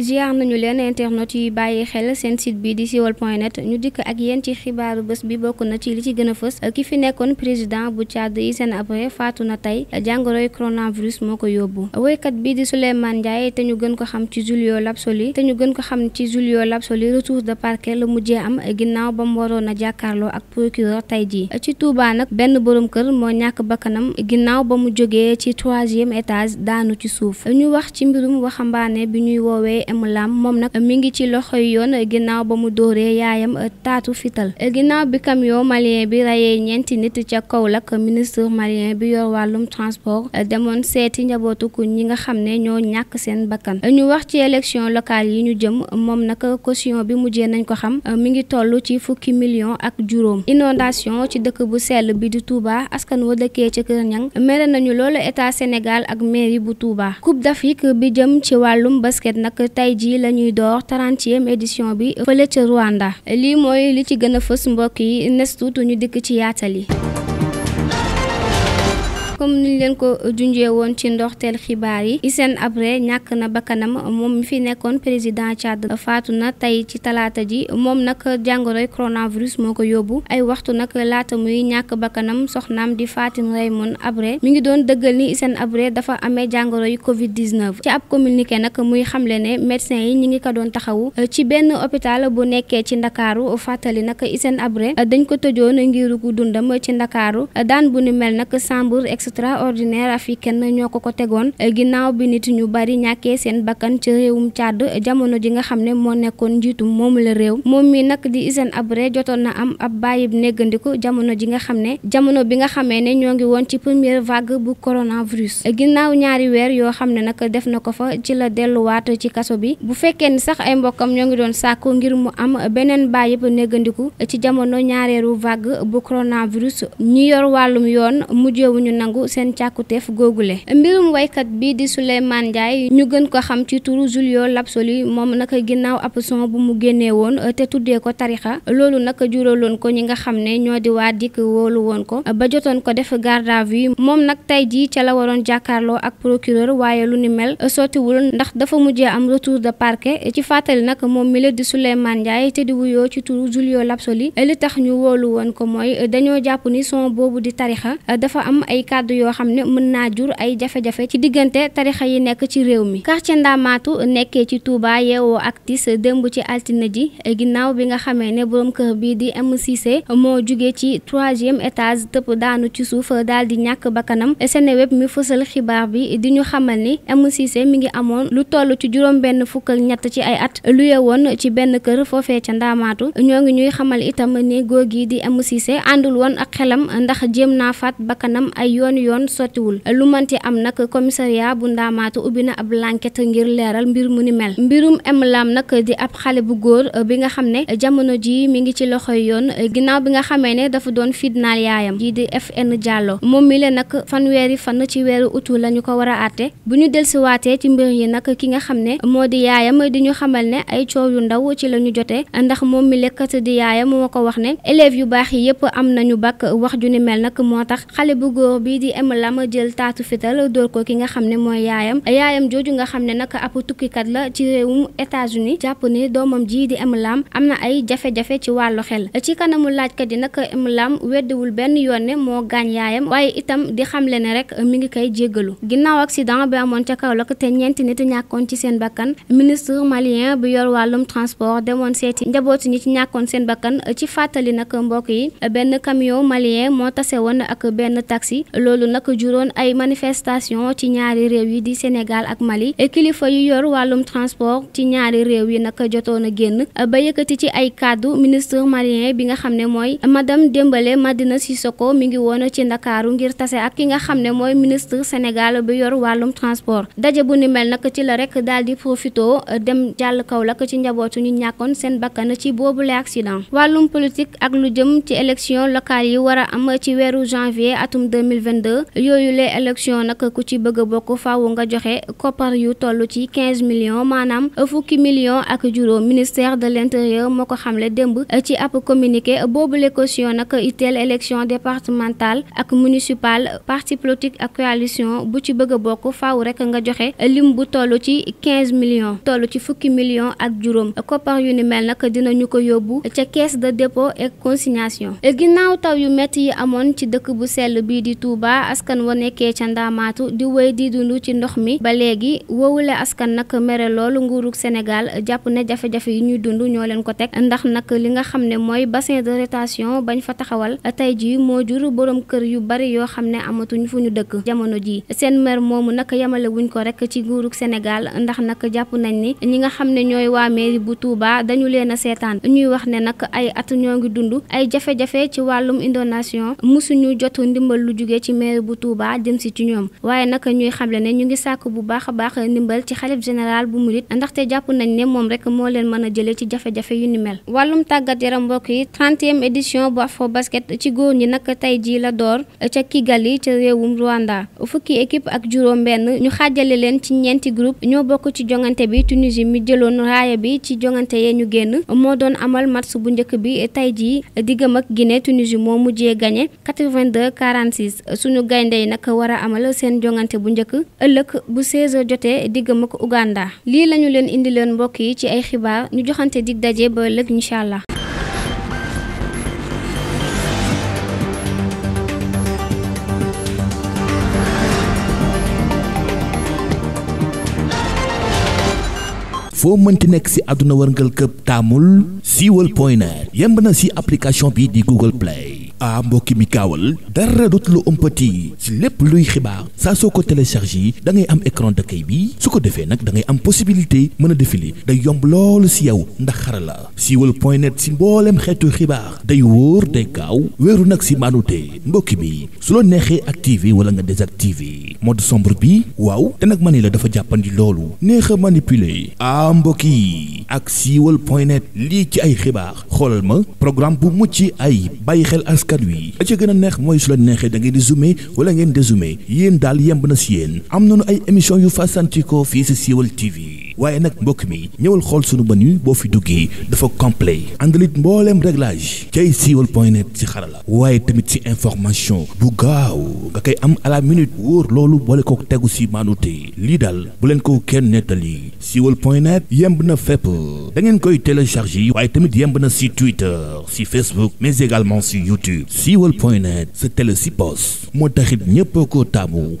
ziar nañu leen internet yuy bàyyi xel seen site bi di siwal point net ñu dikk ak yéen ci xibaaru bés bi bokk na ci li ci gën fës ki fi nekkoon président bu Tchad Hissène Habré faatu na tey jàngoroy coronavirus moo ko yóbbu woykat bi di Souleymane Ndiaye te ñu gën ko xam ci Julio Lapsoli te ñu gën ko xam ci Julio Lapsoli retour de parquet la mujjee am ginnaaw ba mu waroon a jàkkaarloo ak procureur tey jii ci Touba nag benn borom kër moo ñàkk bakkanam ginnaaw ba mu ci troisième étage daanu ci M moom nag mi ngi ci loxoy yoon ginnaaw ba mu dóoree yaayam euh, taatu fital ginnaaw bi camion malien bi reyee ñeenti nit ca Kaolack ministre malien bi yor wàllum transport euh, demoon seeti njabootu ku ñi nga xam ne ñoo ñàkk seen bakkan ñu wax ci élection locale yi ñu jëm moom nag caution bi mujjee nañ ko xam euh, mi ngi toll ci fukki million ak juróom inondation ci dëkk bu sell bi di Touba askan wa dëkkee ca Kër Ñang mere nañu loolu état Sénégal ak mairie tey jii la ñuy door trentième édition bi fele ci Rwanda li moy li ci gëna a mbokk yi nestu tu ñu dik ci yaatal yi comme niñ leen ko junjee woon ci ndoxteel xibaar yi Hissène Habré ñàkk na bakkanam moom mi fi nekkoon président Tchad faatu na tey ci talaata ji moom nag jàngoroy coronavirus moo ko yóbbu ay waxtu nag laata muy ñàkk bakkanam soxnaam di Fatim Raymond Habré mi ngi doon dëggal ni Hissène Habré dafa amee jàngoroy Covid 19 ci ab communiqué nag muy xamle ne médecin yi ñu ngi ko doon taxawu ci benn hôpital bu nekkee ci Ndakaaru fàttali nag Hissène Habré dañ ko tëjoon ngir dundam ci Ndakaaru daan extraordinaire kenn ñoo ko ko tegoon ginnaaw bi nit ñu bari ñàkkee seen bakkan ca réewum càdd jamono ji nga xam ne moo nekkoon njiitum moom la réew moom mi nag di Hissène Habré jotoon na am ab bàyyib néggandiku jamono ji nga xam ne jamono bi nga xamee ne ñoo ngi woon ci première vague bu coronavirus ginnaaw ñaari weer yoo xam ne nag def na ko fa ci la delluwaat ci kaso bi bu fekkee ni sax ay mbokkam ñoo ngi doon sàkku ngir mu am beneen bàyyib néggandiku ci jamono ñaareelu vague bu coronavirus ñi yor wàllum yoon mujjewuñu nangu sàkku seen càkkuteef googule mbirum waykat bi di Souleymane Ndiaye ñu gën ko xam ci turu Julio Lapsoli moom nag ginnaaw ab son bu mu génnee woon eh, te tuddee ko tarixa loolu nag juraloon ko ñi nga xam ne ñoo di waa dikk woolu woon ko ba jotoon ko def garde à moom nag tey jii ca la waroon jàkkaarloo ak procureur waaye lu ni mel eh, sottiwul ndax dafa mujjee am retour de parquet eh, ci fàttali nag moom mi la di Souleymane Ndiaye te di wuyoo ci turu Julio Lapsoli li tax ñu wóolu woon ko mooy kàddu yoo xam ne mën naa jur ay jafe-jafe ci diggante tarixa yi nekk ci réew mi quartier ndaamaatu nekkee ci Touba yeewoo ak tis démb ci altine ji ginnaaw bi nga xamee ne borom kër bii di M Cissé moo jugee ci troisième étage tëpp daanu ci suuf daal di ñàkk bakkanam Seneweb mi fësal xibaar bi di ñu xamal ni M Cissé mi ngi amoon lu toll ci juróom benn fukk ñett ci ay at luye woon ci benn kër foofee ca Ndamaatu ñoo ngi ñuy xamal itam ne góor gi di M Cissé àndul woon ak xelam ndax jéem yoon sottiwul lu manti am nag commissariat bu ndaamaatu ubbi na ab l'enquête ngir leeral mbir mu ni mel mbirum M Lam nag di ab xale bu góor uh, bi nga xam ne uh, jamono ji mi ngi ci loxoy yoon uh, ginnaaw bi nga xamee ne dafa doon fitnaal yaayam ji di FN Diallo moom mi leen nag fanweeri fan ci weeru utu lañu ko war a àtte bu ñu delsiwaatee ci mbir yi nag ki nga xam ne moo di yaayam di ñu xamal ne ay coow yu ndaw ci lañu ñu jotee ndax moom mi lekkat di yaayam moo ko wax ne yu baax di M Lam jël taatu fital dóor ko ki nga xam ne mooy yaayam yaayam jooju nga xam ne nag ab tukkikat la ci réewum États-Unis jàpp ne doomam ji di M Lam am na ay jafe-jafe ci wàllu xel ci kanamu laajkat yi nag M Lam weddiwul benn yoon ne moo gaañ yaayam waaye itam di xamle ne rek mu ngi koy jéggalu ginnaaw accident bi amoon ca Kaolack te ñeenti nit ñàkkoon ci seen bakkan ministre malien bi yor wàllum transport demoon seeti njabooti ñi ci ñàkkoon seen bakkan ci fàttali nag mbokk yi benn camion malien moo tase woon ak benn taxi loolu nag juróon ay manifestation ci ñaari réew yi di Sénégal ak Mali kilifa yu yor wàllum transport ci ñaari réew yi nag jotoon a génn ba yëkkati ci ay kàddu ministre malien bi nga xam ne mooy madame Dembélé Madina Sissoko mi ngi woon ci Ndakaaru ngir tase ak ki nga xam ne mooy ministre Sénégal bi yor wàllum transport daje bu ni mel nag ci la rek daal di profito dem jàll Kaolack ci njabootu ñu ñàkkoon seen bakkan ci boobu accident wàllum politique 2022 yooyu les élections nag ku ci bëgg bokk faaw nga joxe copar yu tollu ci 15 millions manam fukki millions ak juróom ministère de l'intérieur moko ko xamle démb ci ab communiqué boobule caution nak itel élection départementale ak municipale parti politique ak coalition bu ci bëgg bokk faaw rek nga joxe lim bu ci 15 millions tollu ci fukki millions ak juróom copar yu ni mel nak dinañu ko yobbu ci caisse de dépôt et consignation ginnaaw taw yu metti yi amoon ci dëkk bu sel bi di Touba waa askan wa nekkee ca ndaamaatu di wéy di dund ci ndox mi ba léegi woowule askan nag mere loolu nguurug Sénégal jàpp ne jafe yi ñuy dund ñoo leen ko teg ndax nag li nga xam ne mooy bassin de rétention bañ fa taxawal tey jii moo jur boroom kër yu bari yoo xam ne amatuñ fu ñu dëkk jamono jii seen mer moomu nag yemale ko rek ci nguurug Sénégal ndax nag jàpp nañ ni ñi nga xam ne ñooy waa mairie bu Touba dañu leen a seetaan ñuy wax ne nag ay at ñoo ngi dund ay jafe-jafe ci wàllum inondation musuñu jot ndimbal lu jugee ci maire bu Touba jëm si ci ñoom waaye naka ñuy xamle ne ñu ngi sàkk bu baax a baax ndimbal ci xalif général bu murit ndaxte jàpp nañ ne moom rek moo leen mën a jëlee ci jafe-jafe yu ni mel wàllum tàggat yaram mbokk yi 30e ba bu basket ci góor ñi nag tey jii la door ca Kigali ca réewum Rwanda fukki équipe ak juróom benn ñu xaajale leen ci ñeenti groupe ñoo bokk ci jongante bi Tunisie mi jëloon raaya bi ci jongante yee ñu génn moo doon amal match bu njëkk bi tey jii diggam ak Guinée Tunisie moo mujjee gagné 82 suñu gaynde yi nak wara amal seen jongante bu ñëk ëlëk bu 16h jotee diggam ak Uganda li lañu leen indi leen mbokk yi ci ay xibaar ñu joxante dig dajé ba ëllëg inshallah fo foo mënti nekk ci aduna wërngël këpp tamul siiwal point yemb na ci application bi di Google Play ah mbokki mi kaawal dara dootu lu umpati si lépp luy xibaar saa soo ko téléchargé yi dangay am écran d'accueil bi su ko defee nag da ngay am possibilité mën a défilé day yomb loolu si yow ndax xarala siiwal point net si mbooleem xeetu xibaar day wóor day gaaw weeru nag si maanute mbokki bi su la neexee activé wala nga désactivé mode sombre bi waaw te nag ma ni la dafa jàppandi loolu neex a manipuler ah mbokk yi ak siiwal point net lii ci ay xibaar xoolal ma programme bu mucc ay bàyyi askan wi la ca gën a neex mooy su la neexee da ngeen di wala ngeen dézoomé yéen daal yemb na si yéen am nañu ay émission yu fasantikoo fii si siiwal TV waaye nag mbokk mi ñëwal xool sunu menu boo fi duggee dafa complet àndalit mbooleem réglage cay siiwal point net ci xarala waaye tamit ci information bu gaaw nga koy am à la minute wóor loolu boole ko tegu si maanute lii daal bu leen ko kenn nettali point net yemb na da ngeen koy télécharger waaye tamit yemb na Twitter si Facebook mais également si YouTube siiwal point net sa télé si poche moo taxit ko